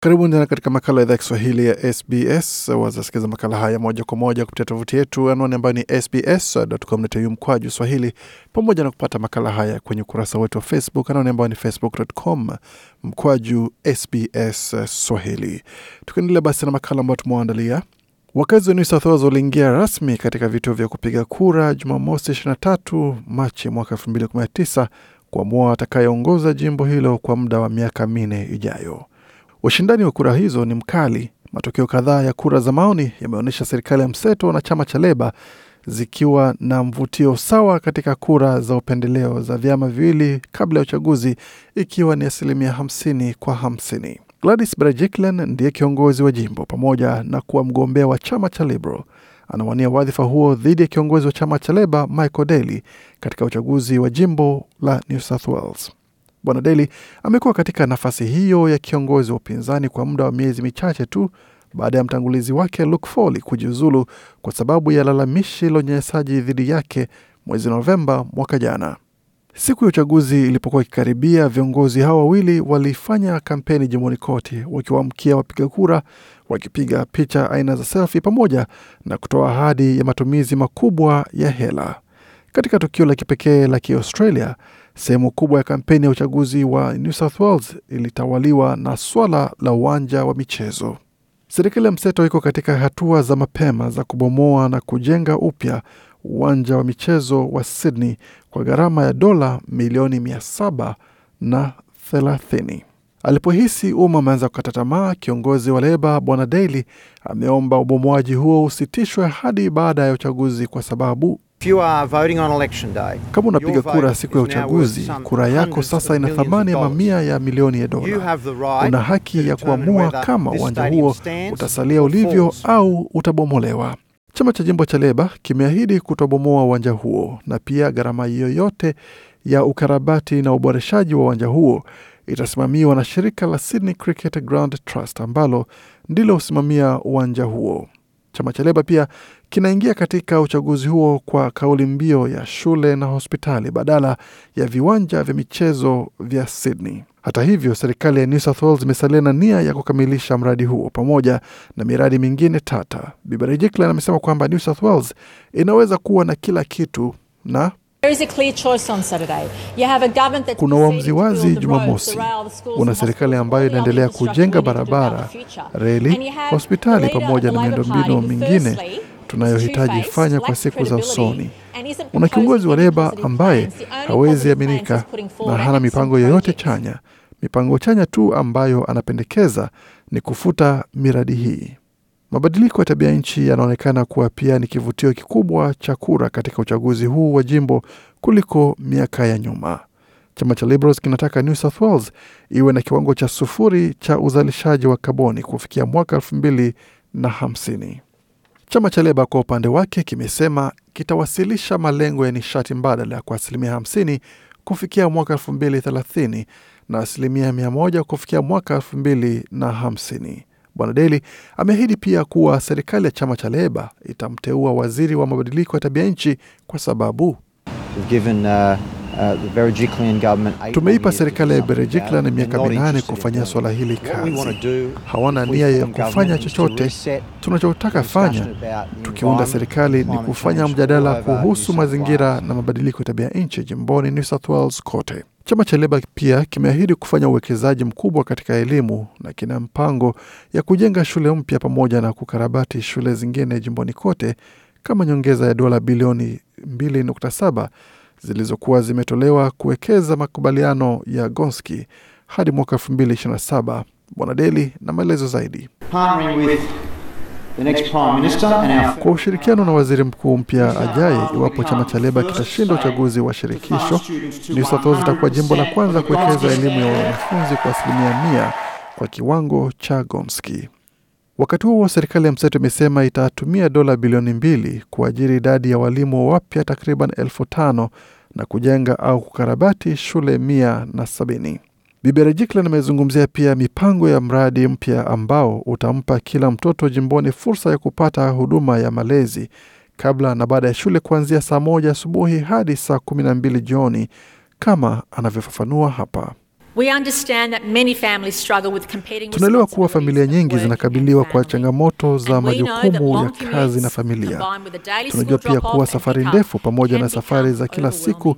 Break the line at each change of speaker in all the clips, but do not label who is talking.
Karibuni tena katika makala ya idhaa ya Kiswahili ya SBS. Wazasikiza makala haya moja kwa moja kupitia tovuti yetu, anwani ambayo ni sbs.com.au mkwaju swahili, pamoja na kupata makala haya kwenye ukurasa wetu wa Facebook, anwani ambayo ni facebook.com mkwaju SBS Swahili. Tukiendelea basi na makala ambayo tumewaandalia, wakazi wa New South Wales waliingia rasmi katika vituo vya kupiga kura Jumamosi 23 Machi mwaka 2019 kuamua atakayeongoza jimbo hilo kwa muda wa miaka minne ijayo. Ushindani wa kura hizo ni mkali. Matokeo kadhaa ya kura za maoni yameonyesha serikali ya mseto na chama cha Leba zikiwa na mvutio sawa katika kura za upendeleo za vyama viwili kabla ya uchaguzi, ikiwa ni asilimia 50 kwa 50. Gladys Berejiklian ndiye kiongozi wa jimbo pamoja na kuwa mgombea wa chama cha Liberal. Anawania wadhifa huo dhidi ya kiongozi wa chama cha Leba Michael Daly katika uchaguzi wa jimbo la New South Wales. Bwana Deli amekuwa katika nafasi hiyo ya kiongozi wa upinzani kwa muda wa miezi michache tu baada ya mtangulizi wake Luke Foley kujiuzulu kwa sababu ya lalamishi la unyanyasaji dhidi yake mwezi Novemba mwaka jana. Siku ya uchaguzi ilipokuwa ikikaribia, viongozi hao wawili walifanya kampeni jimboni kote, wakiwaamkia wapiga kura, wakipiga picha aina za selfie pamoja na kutoa ahadi ya matumizi makubwa ya hela. Katika tukio la kipekee la Kiaustralia, sehemu kubwa ya kampeni ya uchaguzi wa New South Wales ilitawaliwa na swala la uwanja wa michezo. Serikali ya mseto iko katika hatua za mapema za kubomoa na kujenga upya uwanja wa michezo wa Sydney kwa gharama ya dola milioni mia saba na thelathini. Alipohisi umma ameanza kukata tamaa, kiongozi wa Leba Bwana Daly ameomba ubomoaji huo usitishwe hadi baada ya uchaguzi kwa sababu kama unapiga kura siku ya uchaguzi, kura yako sasa ina thamani ya mamia ya milioni ya dola. Una haki ya kuamua kama uwanja huo utasalia ulivyo au utabomolewa. Chama cha jimbo cha Leba kimeahidi kutobomoa uwanja huo, na pia gharama yoyote ya ukarabati na uboreshaji wa uwanja huo itasimamiwa na shirika la Sydney Cricket Ground Trust ambalo ndilo husimamia uwanja huo. Chama cha Leba pia kinaingia katika uchaguzi huo kwa kauli mbio ya shule na hospitali badala ya viwanja vya michezo vya Sydney. Hata hivyo, serikali ya New South Wales imesalia na nia ya kukamilisha mradi huo pamoja na miradi mingine tata. Bibarajiklan amesema kwamba New South Wales inaweza kuwa na kila kitu na kuna uamuzi wazi Jumamosi. Una serikali ambayo inaendelea kujenga barabara, reli, hospitali pamoja na miundombinu mingine tunayohitaji fanya kwa siku za usoni. Una kiongozi wa Leba ambaye hawezi aminika na hana mipango yoyote chanya. Mipango chanya tu ambayo anapendekeza ni kufuta miradi hii. Mabadiliko ya tabia nchi yanaonekana kuwa pia ni kivutio kikubwa cha kura katika uchaguzi huu wa jimbo kuliko miaka ya nyuma. Chama cha Liberals kinataka New South Wales iwe na kiwango cha sufuri cha uzalishaji wa kaboni kufikia mwaka elfu mbili na hamsini. Chama cha Leba kwa upande wake kimesema kitawasilisha malengo ya nishati mbadala kwa asilimia hamsini kufikia mwaka elfu thelathini na asilimia mia moja kufikia mwaka elfu na hamsini. Bwana Deli ameahidi pia kuwa serikali ya chama cha Leba itamteua waziri wa mabadiliko ya tabia nchi kwa sababu given, uh, uh tumeipa serikali ya Berejiklian miaka minane kufanyia swala hili kazi. Hawana nia ya kufanya chochote. Tunachotaka fanya tukiunda serikali ni kufanya mjadala kuhusu mazingira na mabadiliko ya tabia nchi jimboni New South Wales kote. Chama cha Leba pia kimeahidi kufanya uwekezaji mkubwa katika elimu na kina mpango ya kujenga shule mpya pamoja na kukarabati shule zingine jimboni kote kama nyongeza ya dola bilioni 2.7 zilizokuwa zimetolewa kuwekeza makubaliano ya Gonski hadi mwaka 2027. Bwana Deli na maelezo zaidi. Kwa ushirikiano na waziri mkuu mpya ajaye, iwapo chama cha Leba kitashinda uchaguzi wa shirikisho, New South Wales itakuwa jimbo la kwanza kuwekeza elimu ya wanafunzi kwa asilimia mia kwa kiwango cha Gomski. Wakati huo serikali ya mseto imesema itatumia dola bilioni mbili kuajiri idadi ya walimu wapya takriban elfu tano na kujenga au kukarabati shule mia na sabini. Bibera jiklan amezungumzia pia mipango ya mradi mpya ambao utampa kila mtoto jimboni fursa ya kupata huduma ya malezi kabla na baada ya shule kuanzia saa moja asubuhi hadi saa kumi na mbili jioni kama anavyofafanua hapa. Tunaelewa kuwa familia nyingi zinakabiliwa kwa changamoto za majukumu ya kazi na familia. Tunajua pia kuwa safari ndefu pamoja na safari za kila siku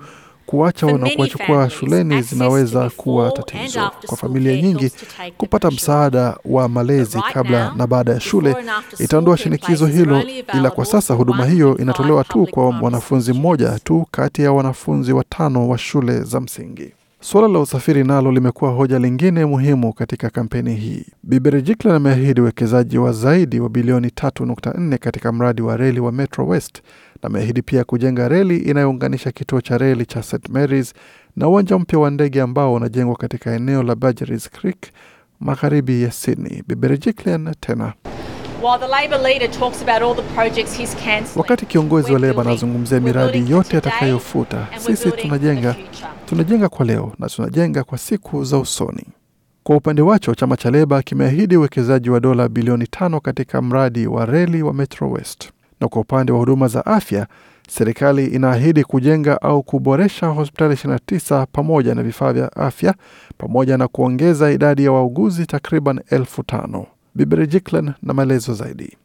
Kuacha na kuwachukua shuleni zinaweza kuwa tatizo kwa familia nyingi. Kupata msaada wa malezi kabla na baada ya shule itaondoa shinikizo hilo, ila kwa sasa huduma hiyo inatolewa tu kwa mwanafunzi mmoja tu kati ya wanafunzi watano wa shule za msingi. Suala la usafiri nalo limekuwa hoja lingine muhimu katika kampeni hii. Bi ameahidi uwekezaji wa zaidi wa bilioni 3.4 katika mradi wa reli wa Metro West na ameahidi pia kujenga reli inayounganisha kituo cha reli cha St Marys na uwanja mpya wa ndege ambao unajengwa katika eneo la Badgerys Creek magharibi ya Sydney. Biberejiklian tena Wakati kiongozi wa Leba anazungumzia miradi yote atakayofuta, sisi tunajenga, tunajenga kwa leo na tunajenga kwa siku za usoni. Kwa upande wacho, chama cha Leba kimeahidi uwekezaji wa dola bilioni tano katika mradi wa reli wa Metro West. Na kwa upande wa huduma za afya, serikali inaahidi kujenga au kuboresha hospitali 29 pamoja na vifaa vya afya pamoja na kuongeza idadi ya wauguzi takriban elfu tano. Biberi Jiklan na maelezo zaidi.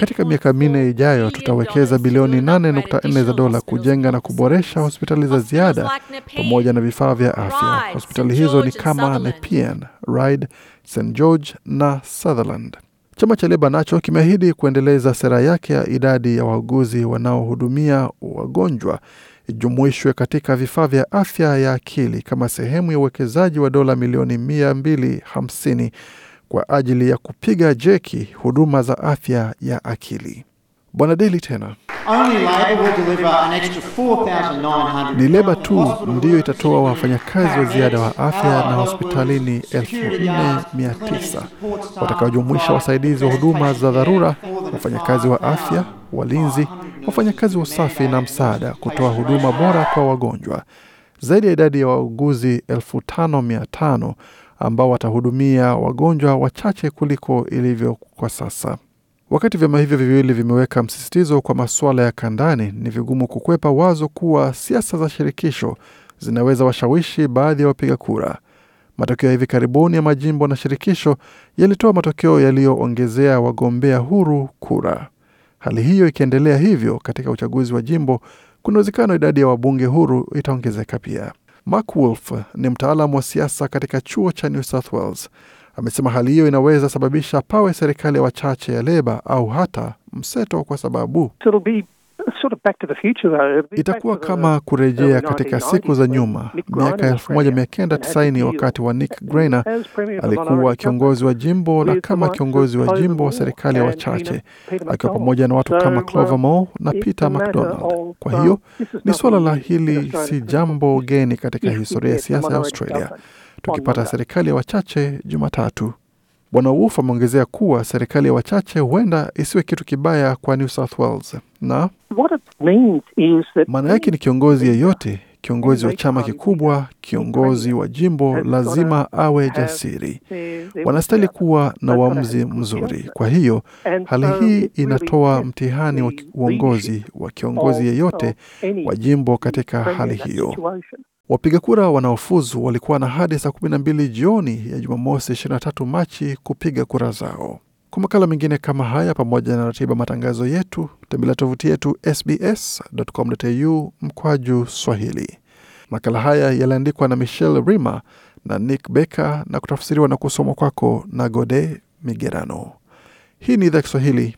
Katika miaka minne ijayo tutawekeza bilioni 8.4 za dola kujenga na kuboresha hospitali za ziada pamoja na vifaa vya afya. Hospitali hizo ni kama Nepean, Ryde, St George na Sutherland. Chama cha Leba nacho kimeahidi kuendeleza sera yake ya idadi ya wauguzi wanaohudumia wagonjwa ijumuishwe katika vifaa vya afya ya akili kama sehemu ya uwekezaji wa dola milioni 250 kwa ajili ya kupiga jeki huduma za afya ya akili. Bwana Deli tena ni leba tu ndiyo itatoa wafanyakazi wa ziada wa afya na hospitalini 4900 watakaojumuisha wasaidizi wa huduma za dharura, wafanyakazi wa afya, walinzi, wafanyakazi wa usafi na msaada kutoa huduma bora kwa wagonjwa, zaidi ya idadi ya wauguzi 5500 ambao watahudumia wagonjwa wachache kuliko ilivyo kwa sasa. Wakati vyama hivyo viwili vimeweka msisitizo kwa masuala ya kandani, ni vigumu kukwepa wazo kuwa siasa za shirikisho zinaweza washawishi baadhi ya wapiga kura. Matokeo ya hivi karibuni ya majimbo na shirikisho yalitoa matokeo yaliyoongezea wagombea huru kura. Hali hiyo ikiendelea hivyo katika uchaguzi wa jimbo, kuna uwezekano idadi ya wabunge huru itaongezeka pia. Mark Wolf ni mtaalamu wa siasa katika chuo cha New South Wales. Amesema hali hiyo inaweza sababisha pawe serikali ya wachache ya Leba au hata mseto kwa sababu Sort of back to the future, though. Itakuwa kama kurejea katika siku za nyuma, miaka 1990 wakati wa Nick Greiner alikuwa kiongozi wa jimbo na kama kiongozi wa jimbo wa serikali ya wa wachache, akiwa pamoja na watu kama Clover Moore na Peter MacDonald. Kwa hiyo um, ni suala la hili, si jambo geni katika historia ya siasa ya Australia tukipata serikali ya wachache Jumatatu. Bwana Wolf ameongezea kuwa serikali ya wachache huenda isiwe kitu kibaya kwa New South Wales, na maana yake ni kiongozi yeyote, kiongozi wa chama kikubwa, kiongozi wa jimbo lazima awe jasiri, wanastahili kuwa na uamuzi mzuri. Kwa hiyo hali hii inatoa mtihani wa uongozi wa kiongozi yeyote wa jimbo katika hali hiyo. Wapiga kura wanaofuzu walikuwa na hadi saa 12 jioni ya Jumamosi 23 Machi kupiga kura zao. Kwa makala mengine kama haya, pamoja na ratiba matangazo yetu, tembelea tovuti yetu sbs.com.au mkwaju Swahili. Makala haya yaliandikwa na Michelle Rima na Nick Becker na kutafsiriwa na kusomwa kwako na Gode Migerano. Hii ni idhaa Kiswahili